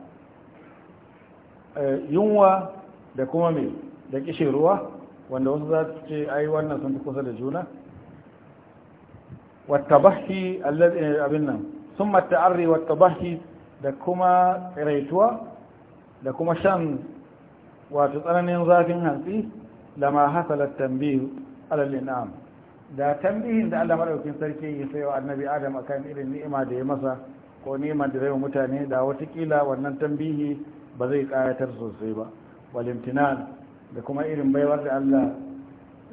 eh, yunwa da kuma mai da kishin ruwa wanda wasu za su ce ai wannan sun fi kusa da juna allazin eh, abin nan sun wata bashi da kuma raituwa da kuma shan wato tsananin zafin hantsi ma hasalar tambi alalin am da tambihin da Allah madaukakin sarki ya sai wa annabi Adam akan irin ni'ima da ya masa ko ni'imar da zai mutane da watakila wannan tambihi ba zai kayatar sosai ba walimtinan da kuma irin baiwar da Allah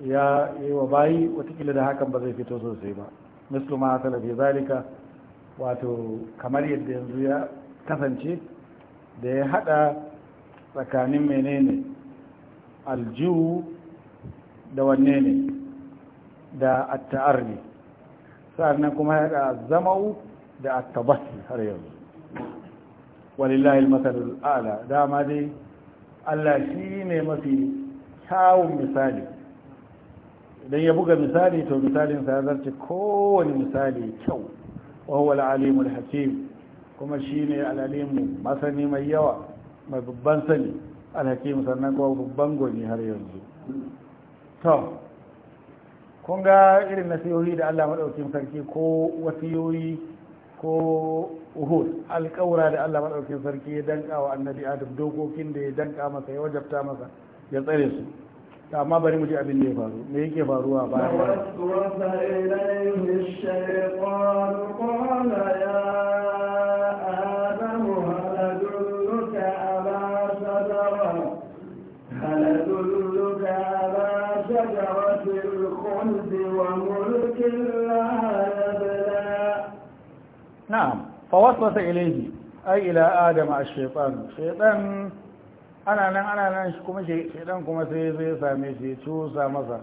ya yi wa bayi watakila da hakan ba zai fito sosai ba mislu ma zalika wato kamar yadda yanzu ya kasance da ya hada tsakanin menene aljihu da wanne ne da atta'ar ne. sannan kuma da zamau da attabas har yanzu walillahi al a'la dama dai Allah shi ne mafi kyawun misali idan ya buga misali to misalin sa zarce kowane misali kyau wa huwa alimul hakim kuma shi ne masani mai yawa mai babban sani alhakim sannan kuma babban goni har yanzu to kun ga irin nasiyoyi da Allah maɗaukin sarki ko wasiyoyi ko uhud alƙawura da Allah maɗaukin sarki ya danka wa annabi adam dokokin da ya danka masa ya wajabta masa ya tsare su amma bari mu ji abin da ya faru me yake faruwa ba ya Na'am, وملك لا يبلى نعم فوسوس إليه أي إلى آدم ana nan ana nan kuma shaidan kuma sai zai same shi cusa masa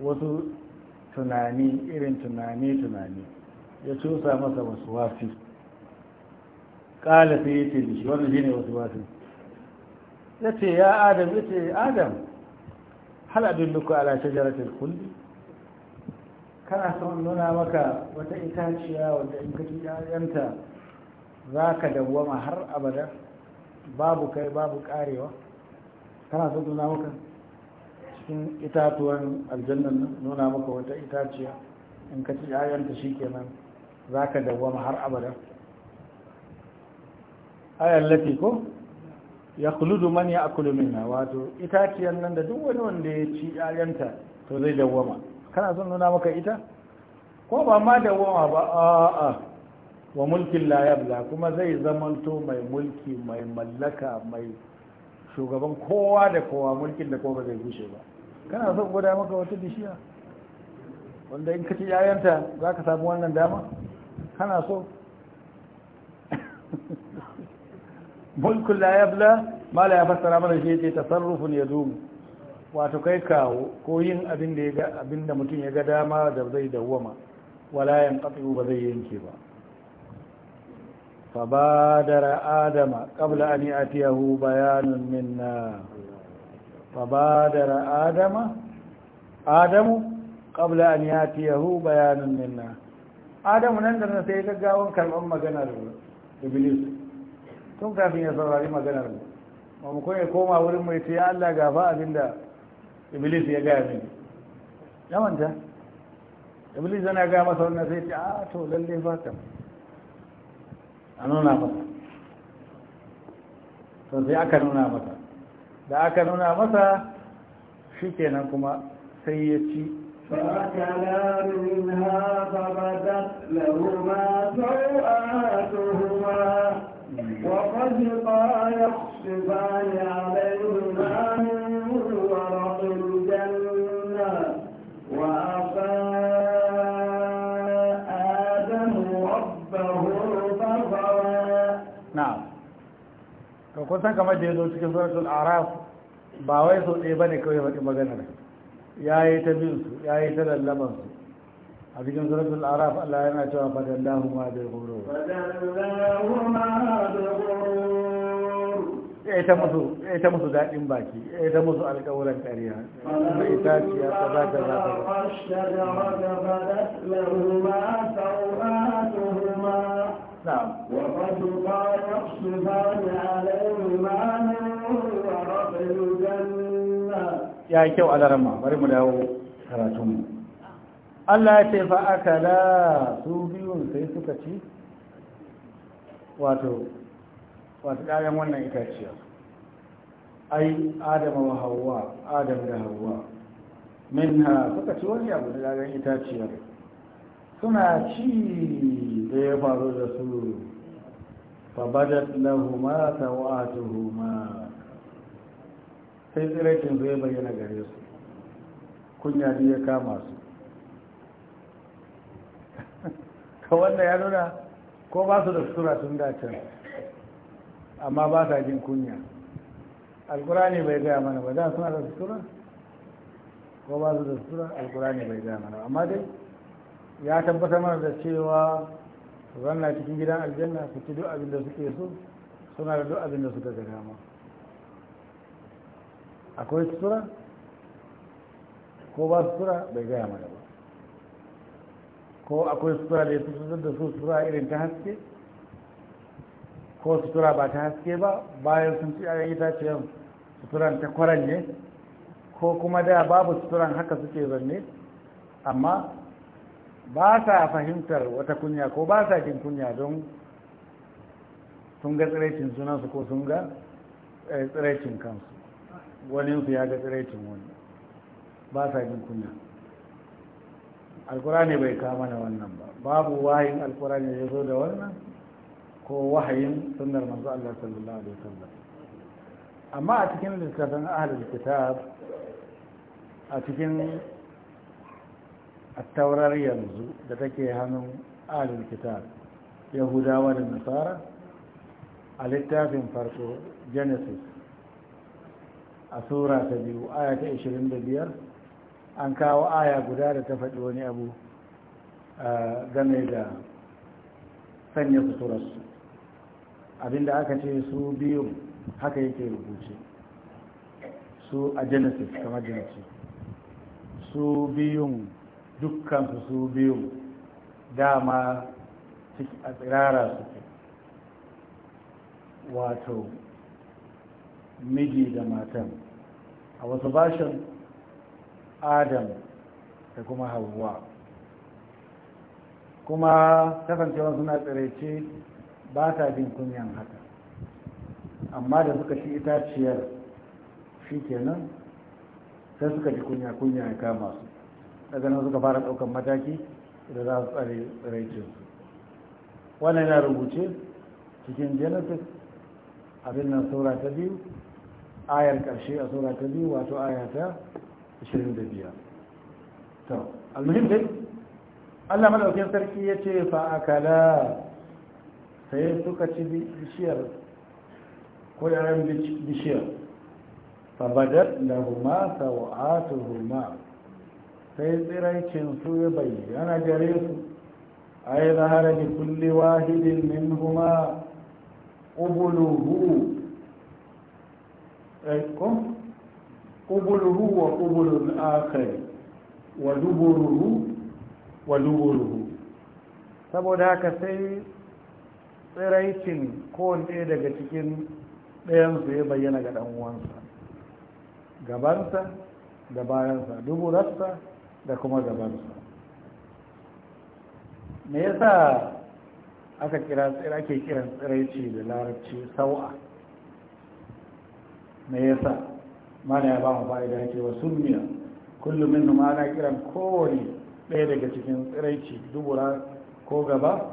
wasu tunani irin tunani tunani ya cusa masa wasu wafi ƙala sai ya ce da shi ne wasu wafi ya ce ya adam ya ce adam hal adulluku ala shajaratul kulli kana son nuna maka wata itaciya wanda in kaji ɗayanta za ka dawwama har abada babu kai babu karewa kana son nuna maka cikin itatuwan aljannan nuna maka wata itaciya in kaji ɗayanta shi nan, za ka dawwama har abada ayar lati ko ya kuludu man ya akulu minna wato itaciyar nan da duk wani wanda ya ci ‘ya'yanta to zai dawwama kana son nuna maka ita ko ba ma da wa ba a'a wa mulkin la yabla kuma zai zamanto mai mulki mai mallaka mai shugaban kowa da kowa mulkin da kowa zai gushe ba kana son guda maka wata bishiya wanda in ka yayanta za ka samu wannan dama kana so Mulkin la yabla mala ya fassara mana shi ce tasarrufun ya zumu wato kai kawo ko yin abin da ya ga abin da mutum ya ga dama da zai ma, wala qatu ba zai yanke ba fabadara adama qabla an yatiyahu bayanun minna fabadara adama adamu qabla an yatiyahu bayanun minna adamu nan da sai gaggawan magana maganar iblis tun kafin ya saurari maganar mu ba mu koma wurin mai ce ya Allah gafa abinda iblis ya gaya mini ya manta iblis yana gaya masa wannan sai ce a ah, to lalle ba ka a nuna masa to sai aka nuna masa da aka nuna masa shi kenan kuma sai ya ci فأكلا منها فبدت لهما سوآتهما وقد قال يخصفان عليهما من ka kusan kamar da ya zo cikin suratul araf ba wai sau ɗaya ba ne kawai faɗi maganar ya yi ta bin su ya yi ta lallaban su a cikin suratul araf allah yana cewa fadallahu ma bai goro ya yi ta musu daɗin baki ya ta musu alƙawuran ƙariya da ita ce ya ta za ta ta ba Ya kyau a عليهما bari mu dawo karatunmu Allah ya ce fa akala su biyun sai suka ci wato wato ɗayan wannan itaciya ai adama wa hawa adam da Hauwa. min ha suka ci wani abu da ɗayan itaciyar suna ci da ya faru da su fabadat lahuma huma sai tsirakin zai bayyana gare su kunya biyu ya kama su ka wanda ya nuna ko ba su da sutura sun dacin amma ba sa jin kunya alkurani bai gaya mana ba da suna da sutura ko ba su da sutura alkurani bai gaya mana amma dai ya tabbatar mana da cewa zanna cikin gidan aljanna su ci duk abin da suke so suna da duk abin da suka ga dama akwai sutura ko ba sutura bai gaya mana ba ko akwai sutura da ya tutar da su sutura irin ta haske ko sutura ba ta haske ba bayan sun ci ayan itaciyan suturan ta kwaran ne ko kuma da babu suturan haka suke zanne amma ba sa fahimtar wata kunya ko ba sa jin kunya don sun ga tsiraicin sunansu ko sun ga eh, tsiraicin kansu waninsu ya ga tsiraicin wani ba sa jin kunya alkurani bai kama na wannan ba babu wahayin alkurani ya zo da wannan ko wahayin sunar manzo Allah sallallahu alaihi wasallam amma a cikin littafin ahlul kitab a cikin taurar yanzu da take hannun alin kitab yahudawa da nasara a littafin farko genesis a sura ta biyu aya ta 25 an kawo aya guda da ta faɗi wani abu game da sanya suturarsu abinda aka ce su biyu haka yake rubuce su a genesis kamar genesis su biyun dukkan su biyu dama a tsirara suke wato miji da matan a wasu bashin adam da kuma hawa kuma kasancewa suna tsiraice ba ta jin kunyan haka amma da suka shi itaciyar shi kenan sai suka ji kunya-kunya ya kama su daga nan suka fara ɗaukar mataki da za su tsare tsiraicinsu wannan yana rubuce cikin genesis abin nan saura ta biyu ayar ƙarshe a saura ta biyu wato aya ta 25 to almuhim dai allah malaukin sarki ya ce fa'akala sai suka ci bishiyar ko yaran bishiyar fa badar lahuma sawatuhuma sai tsiraicin su ya bayyana gare su yi zahara da kulle wahidin minhuma qubuluhu aikum eh, qubuluhu wa qubulul akhar wa duburuhu wa duburuhu saboda haka sai tsiraicin kowanne daga cikin ɗayansu ya bayyana ga ɗan uwansa gabansa da bayansa duburarsa da kuma gabansu me yasa aka kira tsira ke kiran tsiraici da larabci sau'a me yasa mana ya ba mu fa'ida ke wa sunniya kullum min ma ana kiran kowane ɗaya daga cikin tsiraici dubura ko gaba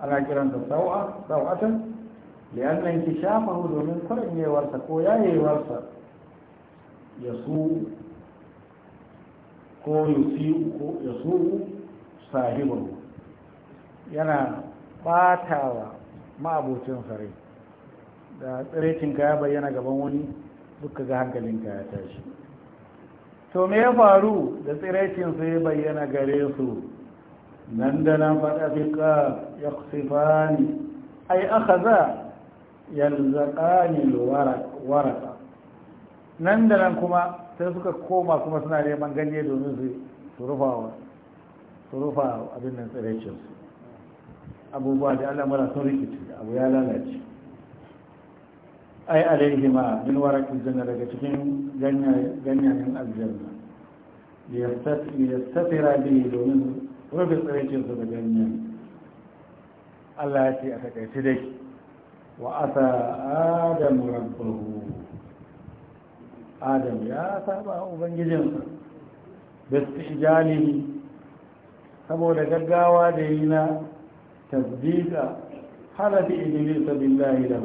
ana kiran da sau'a sau'atan nan ki shafahu domin kwaranyewarsa ko yayewarsa ya su ko ya su sahibin yana batawa ma'abocin sarai da tsirecin kaya bayyana gaban wani duka ga hankalin kaya tashi to me ya faru da tsirrikin sai bayyana gare su nan da nan faɗa ka ya ne ai aka za yanzu yalzaƙani waraka nan da nan kuma sai suka koma kuma suna neman ganye domin su rufa su abin nan tsiraicin su abubuwa da al'amura sun rikici abu ya lalace ai alaihi ma min warakin janna daga cikin ganyayen aljanna yastatira bi domin rufe tsiraicin su da ganyen Allah ya ce a takaice dai wa asa adamu rabbahu adam ya saba ubangijinsa da su saboda gaggawa da yi na tasdika halafi sabbin billahi da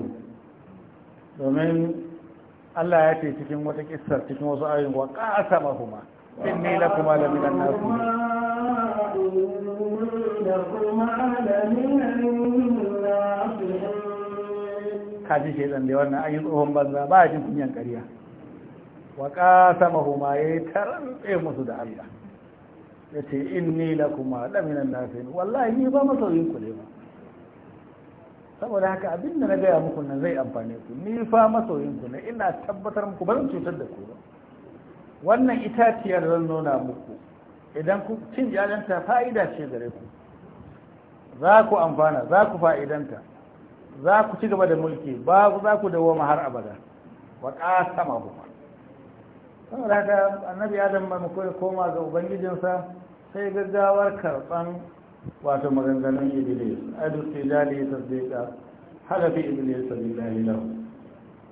domin Allah ya ce cikin wata kissar cikin wasu ayin wa ƙasa mahuma kuma da la minan nasu kaji shaidan da wannan ayin tsohon banza ba a jin kunyan ƙarya wa qasamahuma ya tsaye musu da Allah yace inni lakuma la minan nasihin wallahi ni ba masoyin ku ne ba saboda haka abin da na gaya muku nan zai amfane ku ni fa masoyin ku ne ina tabbatar muku ba zan cutar da ku ba wannan itaciyar zan nuna muku idan ku cin jalanta fa'ida ce gare ku za ku amfana za ku fa'idanta za ku ci gaba da mulki ba za ku ma har abada wa ƙasa huma. saboda haka annabi adam ba mu koma ga ubangijinsa sai gaggawar karɓan wato maganganun iblis adu tijali tasdiqa halafi iblis billahi lahu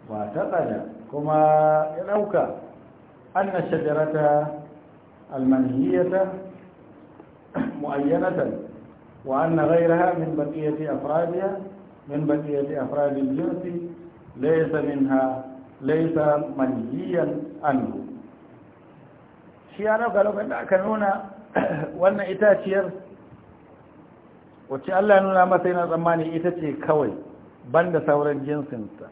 wa taqada kuma ya dauka anna shajarata almanhiyata muayyanatan wa anna ghayraha min baqiyati afradiha min baqiyati afradi al-jins laysa minha laysa manhiyan anhu shi ya nauka lokacin da aka nuna wannan itaciyar wacce Allah nuna masa yana tsammani ita ce kawai banda sauran jinsinsa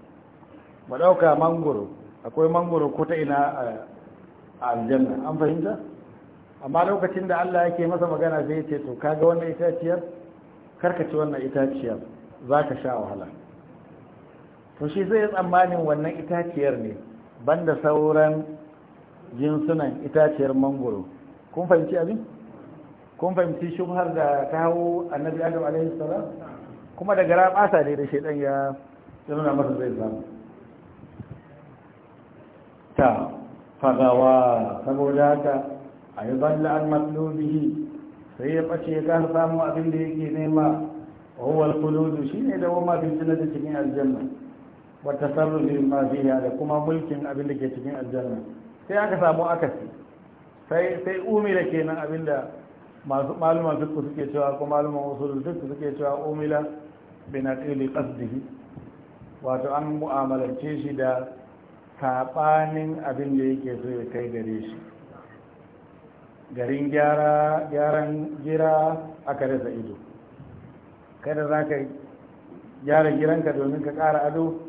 ba ɗauka mangoro akwai mangoro ko ta ina a aljanna an fahimta amma lokacin da Allah yake masa magana zai ce to kaga wannan itaciyar karkaci wannan itaciyar za ka sha wahala to shi zai tsammanin wannan itaciyar ne banda sauran jinsunan itaciyar mangoro kun fahimci abin kun fahimci shubhar da ta hau annabi adam alaihi salam kuma daga rabasa ne da shaidan ya na masa zai samu ta fagawa saboda haka a yi zalla an matlubihi sai ya ɓace ya kasa samu abin da yake nema wawal kududu shi ne da wama fi da cikin aljanna wata sarrufi ma fiya da kuma mulkin abin da ke cikin aljanna sai aka samu akasi sai sai umila kenan abinda masu maluman fiqh suke cewa ko maluman usulul fiqh suke cewa umila bi naqili wato an mu'amalance shi da saɓanin abin da yake so ya kai gare shi garin gyara gyaran gira aka rasa ido kada za ka gyara giranka domin ka ƙara ado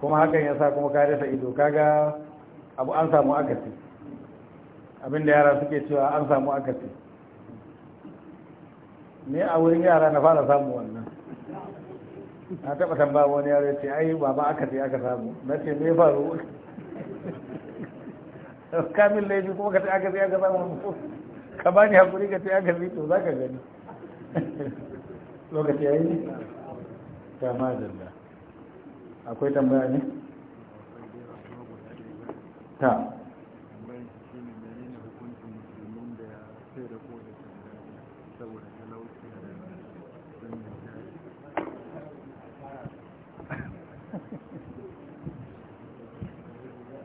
kuma hakan ya sa kuma ka rasa ido kaga abu an samu akasi abinda yara suke cewa an samu akasi ne a wurin yara na fara samu wannan na taɓa tambaya wani yaro ce ai baba akasi aka samu na ce me faru kamin laifi kuma ka ta akasi aka samu ka ba ni hakuri ka ta akasi to za ka gani lokaci ya yi kama da akwai tambaya ne ta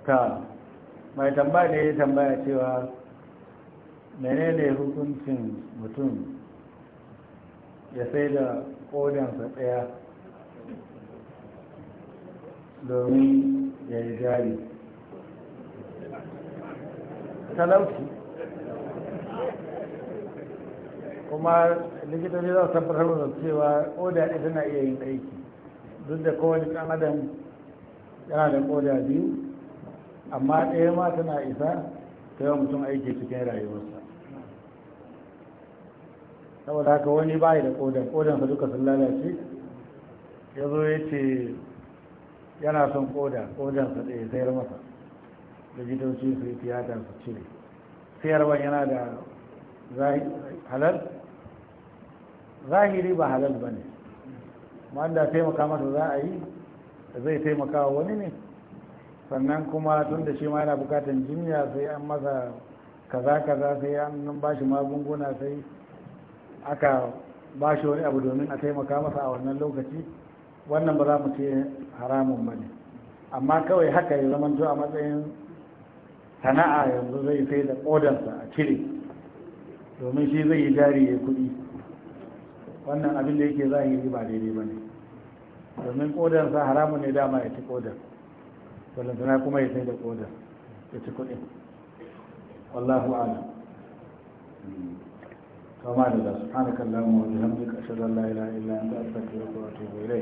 ta mai tambaya da ya tambaya cewa menene hukuncin mutum ya sai da kodansa ɗaya domin ya yi jari talauci kuma likitoci za su tabbatar da cewa koda ɗaya tana iya yin aiki duk da kowane ɗan adam yana da koda biyu amma ɗaya ma tana isa ta yawan mutum aiki cikin rayuwarsa saboda haka wani bayi da kodan su duka sun lalace ya zo ya ce yana son koda su ɗaya sayar masa likitoci su yi tiyata su cire sayarwa yana da halal zahiri ba halal ba ne wanda taimaka masa za a yi zai taimaka wa wani ne sannan kuma tun da shi ma yana bukatan jinya sai an masa kaza-kaza sai an ba shi magunguna sai aka ba shi wani abu domin a taimaka masa a wannan lokaci wannan ba za mu ce haramun ba ne amma kawai haka ya zama a matsayin sana'a yanzu zai sai da kodarsa a cire domin shi zai yi jari ya kuɗi wannan abin da yake zahiri ba daidai ba ne domin kodarsa haramun ne dama ya ci kodar balantana kuma ya sai da kodar ya ci kuɗi wallahu ala kama da subhanakallahumma wa bihamdika ashhadu an la ilaha illa anta astaghfiruka wa atubu ilayk